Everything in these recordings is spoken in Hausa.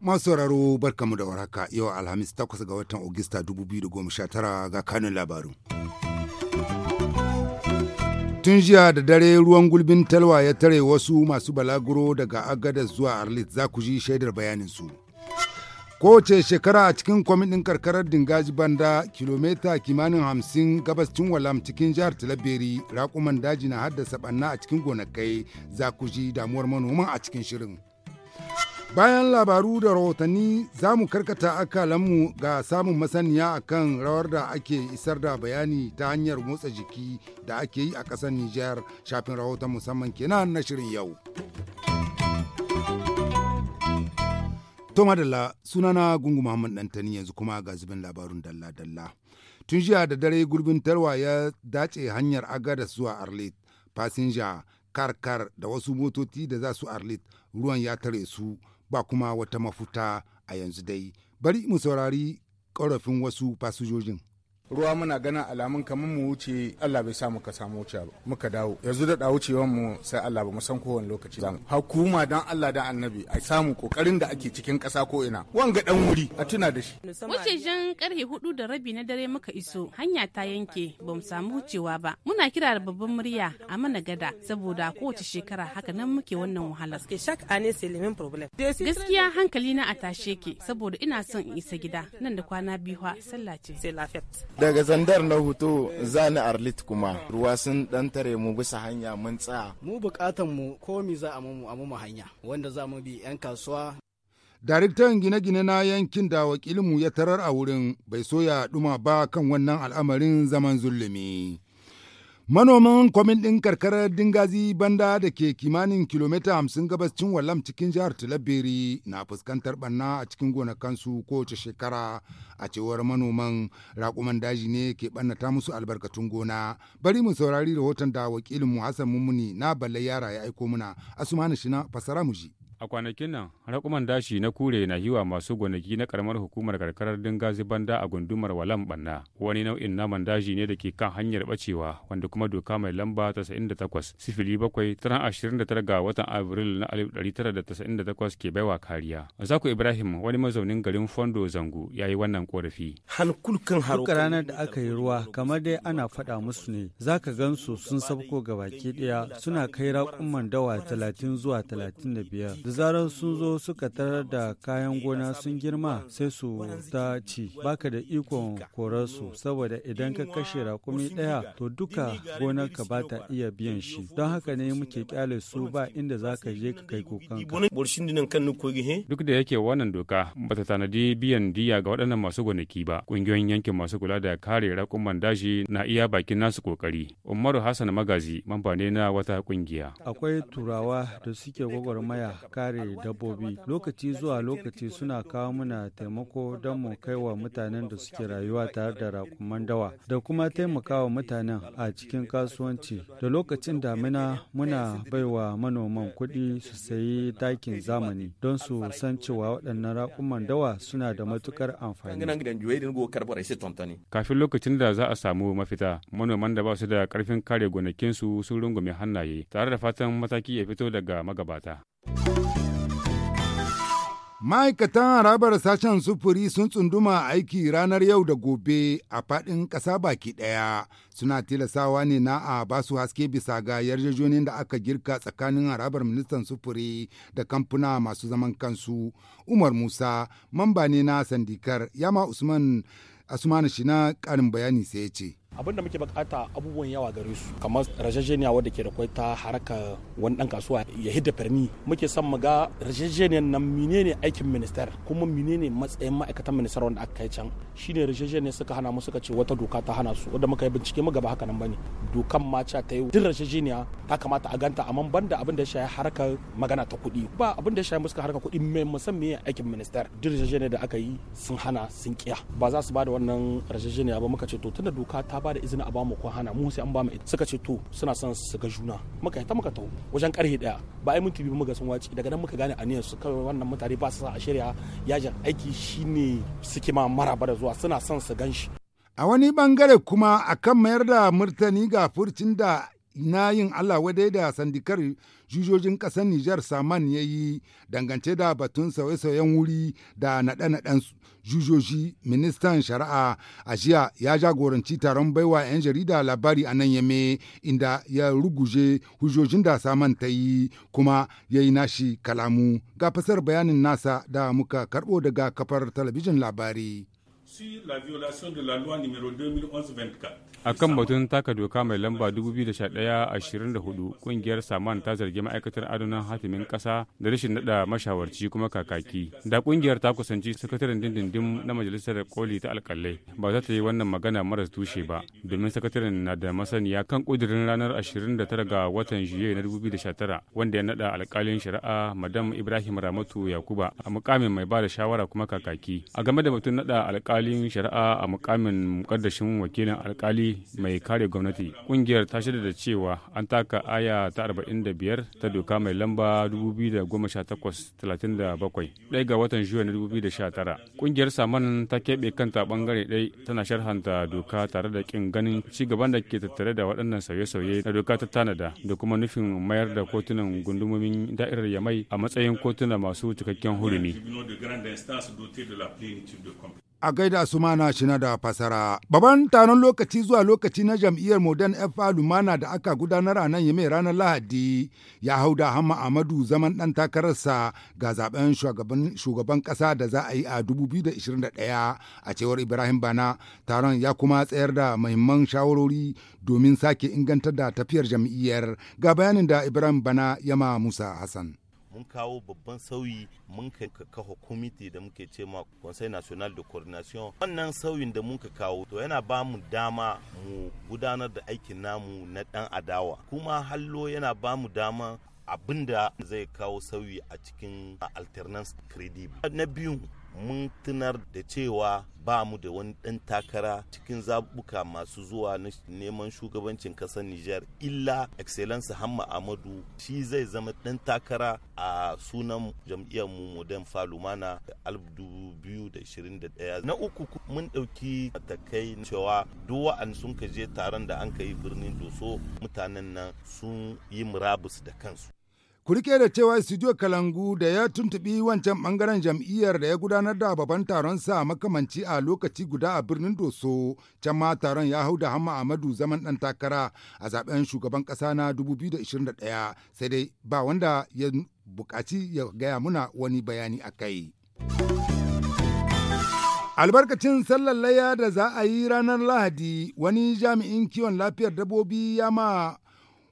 Masu Masu barkamu da warhaka yau Alhamis 8 ga watan Ogista 2019 ga kanun labaru. tun jiya da dare ruwan gulbin talwa ya tare wasu masu balaguro daga agadas zuwa arlit za ku ji shaidar bayanin su kowace shekara a cikin kwamitin karkarar dingaji banda kilomita kimanin hamsin gabascin walam cikin jihar talabiri raƙuman daji na haddasa banna a cikin gonakai za ku ji damuwar manoman a cikin shirin bayan labaru da rahotanni za mu karkata akalanmu ga samun masaniya akan rawar da ake isar da bayani ta hanyar motsa jiki da ake yi a ƙasar nijar shafin rahoton musamman kenan na shirin yau. To madalla sunana gungu Muhammad Dantani yanzu kuma ga zubin labarun dalla-dalla. Tun jiya da dare gurbin tarwa ya dace hanyar agadas zuwa Arlit, fasinja, karkar da wasu motoci da za su Arlit ruwan ya tare su ba kuma wata mafuta a yanzu dai. Bari mu saurari ƙorafin wasu fasinjojin. ruwa muna ganin alamun kamar mu wuce Allah bai sa muka samu wuce ba muka dawo yanzu da da wucewan mu sai Allah ba mu san kowane lokaci zamu hukuma dan Allah da annabi a samu kokarin da ake cikin kasa ko ina wanga dan wuri a tuna da shi jan karfe hudu da rabi na dare muka iso hanya ta yanke ba mu samu wucewa ba muna kira da babban murya a mana gada saboda kowace shekara haka nan muke wannan wahalar gaskiya hankali na a tashe ke saboda ina son in isa gida nan da kwana biyu sallah ce daga zandar na hoto ni arlit kuma ruwa sun dan tare mu bisa hanya mun tsaya mu bukatan mu komi za a mu a mu hanya wanda za mu bi yan kasuwa daraktan gine-gine na yankin da wakilinmu ya tarar a wurin bai so ya ɗuma ba kan wannan al'amarin zaman zulumi. Manoman kwamin ɗin karkarar Dingazi Banda da ke kimanin kilomita hamsin cin Wallam cikin jihar Tilabiri na fuskantar ɓanna a cikin gonakansu kowace shekara a cewar manoman raƙuman daji ne ke ɓannata musu albarkatun gona bari mu saurari rahoton da wakilin mu Hassan Mummuni na balle yara ya aiko muna Asumani Shina fasara mu ji A kwanakin nan, raƙuman dashi na kure na hiwa masu gonaki na karamar hukumar karkarar Dingazi Banda a gundumar Walam Banna. Wani nau'in naman daji ne da ke kan hanyar bacewa, wanda kuma doka mai lamba 98 sifili bakwai taran 29 ga watan Abril na 1998 ke baiwa kariya. Zaku Ibrahim, wani mazaunin garin Fondo Zango, ya yi wannan korafi. Hankulkan haro. ranar da aka yi ruwa kamar dai ana faɗa musu ne za ka gan su sun sabko ga baki ɗaya suna kai raƙuman dawa talatin zuwa talatin da biyar. Da zarar sun zo suka tarar da kayan gona sun girma sai su ta ci baka da ikon korarsu saboda idan ka kashe raƙumi ɗaya to duka gonar ka ba ta iya biyan shi don haka ne muke kyale su ba inda za ka je ka kai kukan. Duk da yake wannan doka ba ta tanadi biyan diya ga waɗannan masu wasu gonaki ba kungiyoyin yankin masu kula da kare raƙuman daji na iya bakin nasu ƙoƙari umaru hassan magazi mamba ne na wata ƙungiya akwai turawa da suke gwagwarmaya kare dabbobi lokaci zuwa lokaci suna kawo muna taimako don mu kai wa mutanen da suke rayuwa tare da raƙuman dawa da kuma taimakawa mutanen a cikin kasuwanci da lokacin damina muna baiwa manoman kuɗi su sayi takin zamani don su san cewa waɗannan raƙuman dawa suna da matukar amfani nang dan juwe karbar sai tomtani kafin lokacin da za a samu mafita manoman da ba su da karfin kare gonakin su sun rungume hannaye tare da fatan mataki ya fito daga magabata Ma'aikatan harabar sashen sufuri sun tsunduma aiki ranar yau da gobe a faɗin ƙasa baki ɗaya suna tilasawa ne na a basu haske bisa ga yarjejonin da aka girka tsakanin harabar ministan sufuri da kamfuna masu zaman kansu. Umar Musa, mamba ne na sandikar, yama Usman Asumani na ƙarin bayani sai ya ce. abin da muke bukata abubuwan yawa gare su kamar rajajeniya wadda ke da kwai ta haraka wani dan kasuwa ya hidda farni muke son mu ga rajajeniyan nan menene aikin minister kuma menene matsayin ma'aikatan minister wanda aka kai can shine rajajeniya suka hana mu suka ce wata doka ta hana su wanda muka yi bincike mu gaba haka nan bane dokan ma ta ta yi duk rajajeniya ta kamata a ganta amma banda abin da ya shafi harkar magana ta kuɗi ba abin da ya shafi musu harkar kuɗi mai musamman aikin minister duk rajajeniya da aka yi sun hana sun kiya ba za su ba da wannan rajajeniya ba muka ce to tunda doka ta ba da izini a ba mu ko hana mu sai an ba mu suka ce to suna son su ga juna muka ta muka tawo wajen karhe daya ba ai minti biyu muka san waci daga nan muka gane aniyar su kawai wannan mutane ba su sa a shirya yajin aiki shine suke ma maraba da zuwa suna son su gan shi a wani bangare kuma akan mayar da murtani ga furcin da na yin Allah wadai da sandikar jujojin ƙasar Nijar Saman ya yi dangance da batun sauye-sauyen wuri da naɗe-naɗen jujoji ministan shari'a a jiya ya jagoranci taron baiwa 'yan jarida labari a nan yame inda ya ruguje hujojin da Saman ta yi kuma ya yi nashi kalamu ga fasar bayanin nasa da muka karɓo daga kafar talabijin labari. A kan batun taka doka mai lamba 2011-24 kungiyar Saman ta zargi ma'aikatar adunan hatimin ƙasa da rashin nada mashawarci kuma kakaki. Da kungiyar ta kusanci sakataren dindindin na majalisar koli ta alkalai ba za ta yi wannan magana maras tushe ba domin sakataren na da masaniya kan kudirin ranar 29 ga watan Juye na 2019 wanda ya nada alkalin shari'a Madam Ibrahim Ramatu Yakuba a mukamin mai ba da shawara kuma kakaki. A game da batun nada alkali alkalin shari'a a mukamin mukaddashin wakilin alkali mai kare gwamnati kungiyar ta shirya da cewa an taka aya ta arba'in da biyar ta doka mai lamba 2018-37 ɗaya ga watan juya na 2019 kungiyar saman ta keɓe kanta bangare ɗai tana sharhanta doka tare da ƙin ganin ci gaban da ke tattare da waɗannan sauye-sauye na doka ta tanada da kuma nufin mayar da kotunan gundumomin da'irar yamai a matsayin kotuna masu cikakken hurumi. a gaida su mana shi da fasara. Baban taron lokaci zuwa lokaci na jam'iyyar Modern FA Lumana da aka gudanar a nan yame ranar Lahadi ya hau da Hamma Amadu zaman ɗan takararsa ga zaben shugaban ƙasa da za a yi a 2021 a cewar Ibrahim Bana. Taron ya kuma tsayar da mahimman shawarori domin sake inganta da tafiyar jam'iyyar ga bayanin da Ibrahim Bana yama Musa Hassan. mun kawo babban sauyi mun ka kafa kwamiti da muke ce ma conseil national de coordination wannan sauyin da muka kawo to yana ba mu dama mu gudanar da aikin namu na dan adawa kuma hallo yana ba mu dama abinda zai kawo sauyi a cikin alternance credible na biyu mun tunar da cewa ba mu da wani ɗan takara cikin zabuka masu zuwa na neman shugabancin ƙasar Nijar illa excellence Hamma Amadu shi zai zama ɗan takara a sunan jam'iyyar mu Modern Falumana 2021. Na uku mun ɗauki matakai cewa duwa an sun ka je taron da an ka yi birnin Doso mutanen nan sun yi murabus da kansu. Ku rike da cewa Studio Kalangu da ya tuntubi wancan bangaren jam'iyyar da ya gudanar da babban taron sa makamanci a lokaci guda a birnin Doso, can ma taron ya hau da Hamma Ahmadu zaman ɗan takara a zaben shugaban ƙasa na 2021 sai dai ba wanda ya buƙaci ya gaya muna wani bayani a kai. albarkacin sallar laya da za a yi ranar lahadi wani jami'in kiwon lafiyar dabbobi ya ma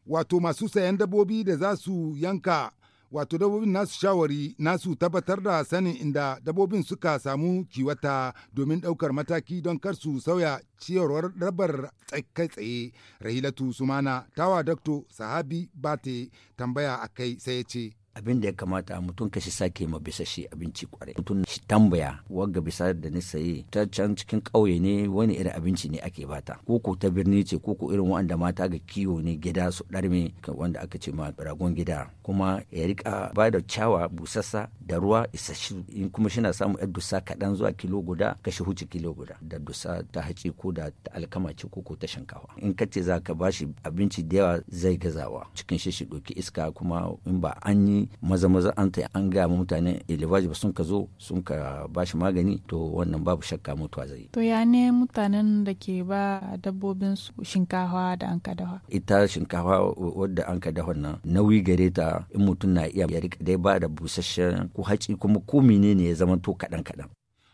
wato masu sayan dabobi da za su yanka wato dabobin nasu shawari nasu tabbatar da sanin inda dabobin suka samu kiwata domin ɗaukar mataki don kar su sauya ciyarwar rabar kai tsaye rahilatu sumana tawa dr sahabi bate tambaya akai sai ya ce abin da ya kamata mutum ka shi sake ma bisa shi abinci kwarai mutum shi tambaya wagga bisa da ni saye ta can cikin ƙauye ne wani irin abinci ne ake bata ko ko ta birni ce ko ko irin wanda mata ga kiwo ne gida su ɗarme wanda aka ce ma ragon gida kuma ya rika ba da ciyawa busassa da ruwa isasshe in kuma shi na samun yar dusa kaɗan zuwa kilo guda ka shi huce kilo guda da dusa ta haci ko da ta alkama ce ko ko ta shinkafa in ka ce za ka ba shi abinci da yawa zai gazawa cikin shi shi ɗauki iska kuma in ba an yi maza maza an ta an ga mutane elevaji ba sun ka zo sun ka ba shi magani to wannan babu shakka mutuwa zai to ya ne mutanen da ke ba dabbobin su shinkafa da an ka dawa. ita shinkafa wadda an ka dafa nan nauyi gare ta in mutum na iya ya rika ba da busasshen ko haci kuma ko menene ya zama to kadan kadan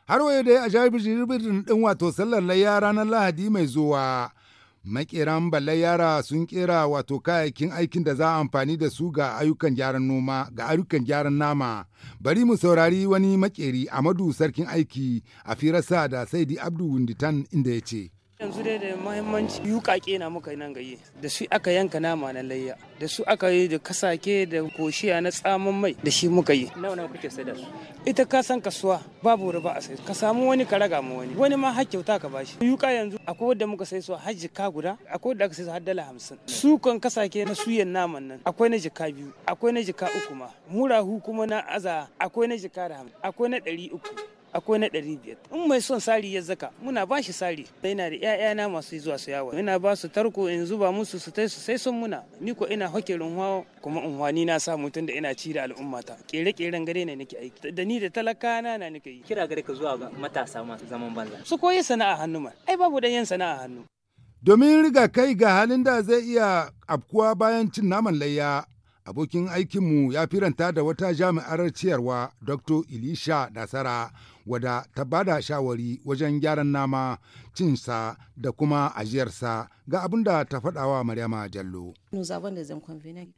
har waye dai a jihar bijirbin din wato sallar na yara ranar lahadi mai zuwa makeran balle yara sun kera wato kayayyakin aikin da za a amfani da su ga ayyukan gyaran noma ga ayyukan gyaran nama bari mu saurari wani makeri amadu sarkin aiki a firarsa da saidi abdu winditan inda ya ce yanzu dai da mahimmanci yuƙaƙe na muka nan gayi da su aka yanka nama na layya da su aka yi da kasake da koshiya na tsamin mai da shi muka yi nawa nawa kuke sai da su ita ka san kasuwa babu riba a sai ka samu wani ka raga mu wani wani ma har kyauta ka bashi yuƙa yanzu akwai wanda muka sai su har jika guda akwai wanda aka sai su har dala hamsin su kan kasake na suyan naman nan akwai na jika biyu akwai na jika uku ma murahu kuma na aza akwai na jika da hamsin akwai na ɗari uku akwai na ɗari biyar in mai son sari ya zaka muna ba shi sari yana da ƴaƴana masu zuwa su yawo ina ba su tarko in zuba musu su tai su sai sun muna ni ko ina hakirin hawa kuma in wani na samu tun da ina ci da al'ummata kere-keren gare ne nake aiki da ni da talaka na nake yi kira gare ka zuwa ga matasa masu zaman banza su koyi sana'a hannu ma ai babu dan yan sana'a hannu domin riga kai ga halin da zai iya afkuwa bayan cin naman layya abokin aikinmu ya firanta da wata jami'ar ciyarwa dr ilisha nasara wada ta bada shawari wajen gyaran nama cinsa da kuma ajiyarsa ga abin da ta faɗawa Maryama Jallo.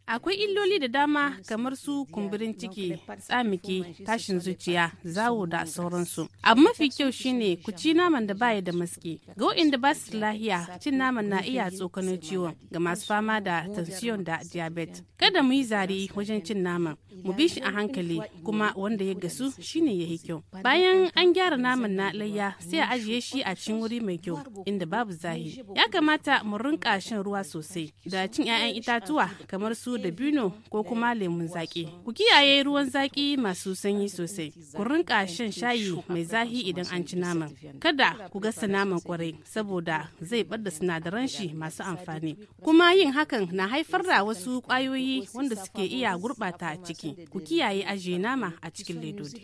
Akwai illoli da dama kamar su kumburin ciki, tsamiki, tashin zuciya, zawo da sauransu. Abu mafi kyau shine ku ci naman da baya da maske. Ga waɗanda ba su lahiya, cin naman na iya tsokano ciwon ga masu fama da tansiyon da diabetes. Kada mu yi zari wajen cin naman, mu bi shi a hankali kuma wanda ya gasu shine ya yi kyau. Bayan an gyara naman na layya sai a ajiye shi a cikin wuri mai kyau inda babu zahi. Ya kamata mu rinka shan ruwa sosai da cin 'ya'yan itatuwa kamar su dabino ko kuma lemun zaki Ku kiyaye ruwan zaki masu sanyi sosai. Ku rinka shan shayi mai zahi idan an ci naman. Kada ku gasa naman kwarai saboda zai bada sinadaran shi masu amfani. Kuma yin hakan na haifar da wasu kwayoyi wanda suke iya gurɓata ciki. Ku kiyaye ajiye nama a cikin ledodi.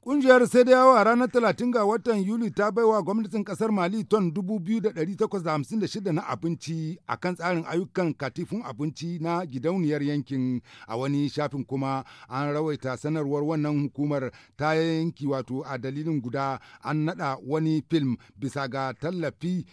Kungiyar sai da yawa ranar talatin ga watan Yuli ta baiwa gwamnatin kasar Mali ton 2,856 na abinci a kan tsarin ayyukan katifin abinci na gidauniyar yankin a wani shafin kuma an rawaita sanarwar wannan hukumar ta yanki wato a dalilin guda an naɗa wani film bisa ga tallafi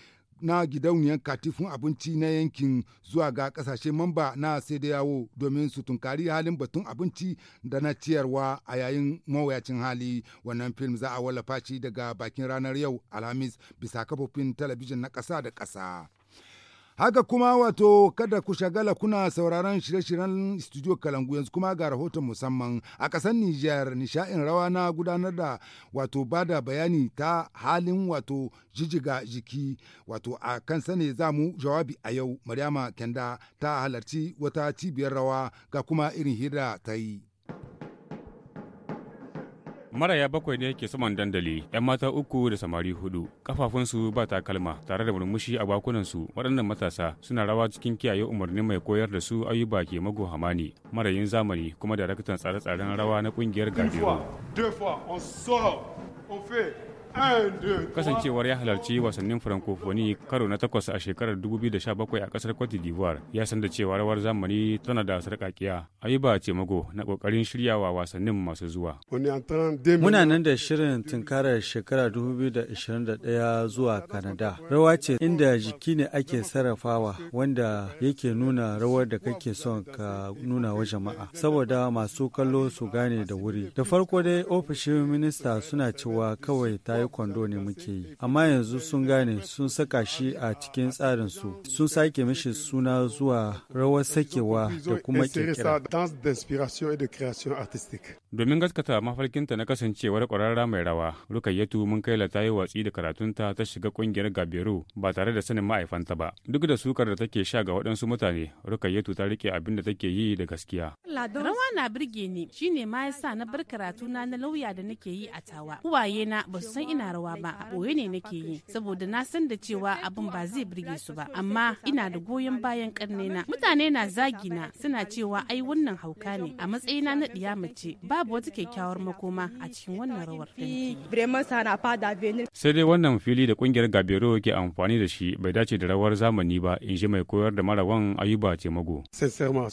na gidauniyar katifin abinci na yankin zuwa ga kasashe mamba na sai da yawo domin su tunkari halin batun abinci da na ciyarwa a yayin mawuyacin hali wannan fim za a wallafa shi daga bakin ranar yau alhamis bisa kafofin talabijin na ƙasa da ƙasa. Haka kuma wato kada ku shagala kuna sauraron shirye-shiryen studio Kalangu yanzu kuma ga rahoton musamman a ƙasar Nijar nishain rawa na gudanar da wato bada bayani ta halin wato jijiga jiki wato a kan sane za mu jawabi a yau Maryama Kenda ta halarci wata cibiyar rawa ga kuma irin hira ta yi. Maraya bakwai ne ke saman dandali, 'yan mata uku da samari hudu, kafafunsu ba takalma tare da murmushi a bakunansu waɗannan matasa suna rawa cikin kiyaye umarni mai koyar da su ayuba ke mago hamani marayin zamani kuma daraktan tsare-tsaren rawa na ƙungiyar Gadiro. Kasancewar ya halarci wasannin Francophonie karo na takwas a shekarar 2017 a kasar Cote d'Ivoire ya san da cewa rawar zamani tana da sarƙaƙiya. Ayuba Cemago na ƙoƙarin shiryawa wasannin masu zuwa. Muna nan da shirin tunkarar shekara 2021 zuwa Canada. Rawa ce inda jiki ne ake sarrafawa wanda yake nuna rawar da kake son ka nuna wa jama'a saboda masu kallo su gane da wuri. Da farko dai ofishin minista suna cewa kawai ta yi taekwondo ne muke yi amma yanzu sun gane sun saka shi a cikin tsarin su sun sake mishi suna zuwa rawar sakewa da kuma kirkira Domin gaskata mafarkinta na kasancewar ƙwararra mai rawa, Rukayyatu mun kai ta yi watsi da karatunta ta shiga ƙungiyar Gabiru ba tare da sanin ma'aifanta ba. Duk da sukar da take sha ga waɗansu mutane, Rukayyatu ta rike abin da take yi da gaskiya. Rawa na birge ni, shine ma yasa na bar karatuna na lauya da nake yi a tawa. Uwaye na ba san ina rawa ba, a ɓoye ne nake yi, saboda na san da cewa abin ba zai birge su ba, amma ina da goyon bayan na Mutane na zagina suna cewa ai wannan hauka ne, a matsayina na ɗiya mace ba babu wata kyakkyawar makoma a cikin wannan rawar sai dai wannan fili da kungiyar gabero ke amfani da shi bai dace da rawar zamani ba in ji mai koyar da marawan ayuba ce mago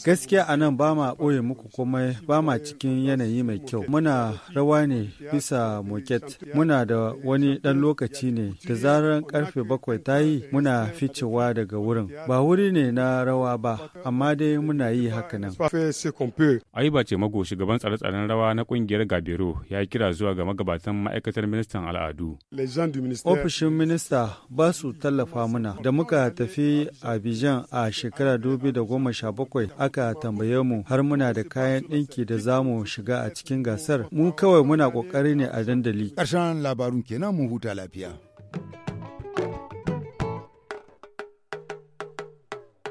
gaskiya a nan ba ma ɓoye muku komai ba ma cikin yanayi mai kyau muna rawa ne bisa moket muna da wani ɗan lokaci ne da zarar karfe bakwai ta yi muna ficewa daga wurin ba wuri ne na rawa ba amma dai muna yi haka nan ayuba ce mago shugaban tsare-tsaren rawa na kungiyar Gabiro ya kira zuwa ga magabatan ma'aikatar ministan al'adu. Ofishin minista ba su tallafa muna da muka tafi Abidjan a shekara bakwai aka tambaye mu har muna da kayan ɗinki da za mu shiga a cikin gasar. Mu kawai muna ƙoƙari ne a dandali. Ƙarshen labarun kenan mu huta lafiya.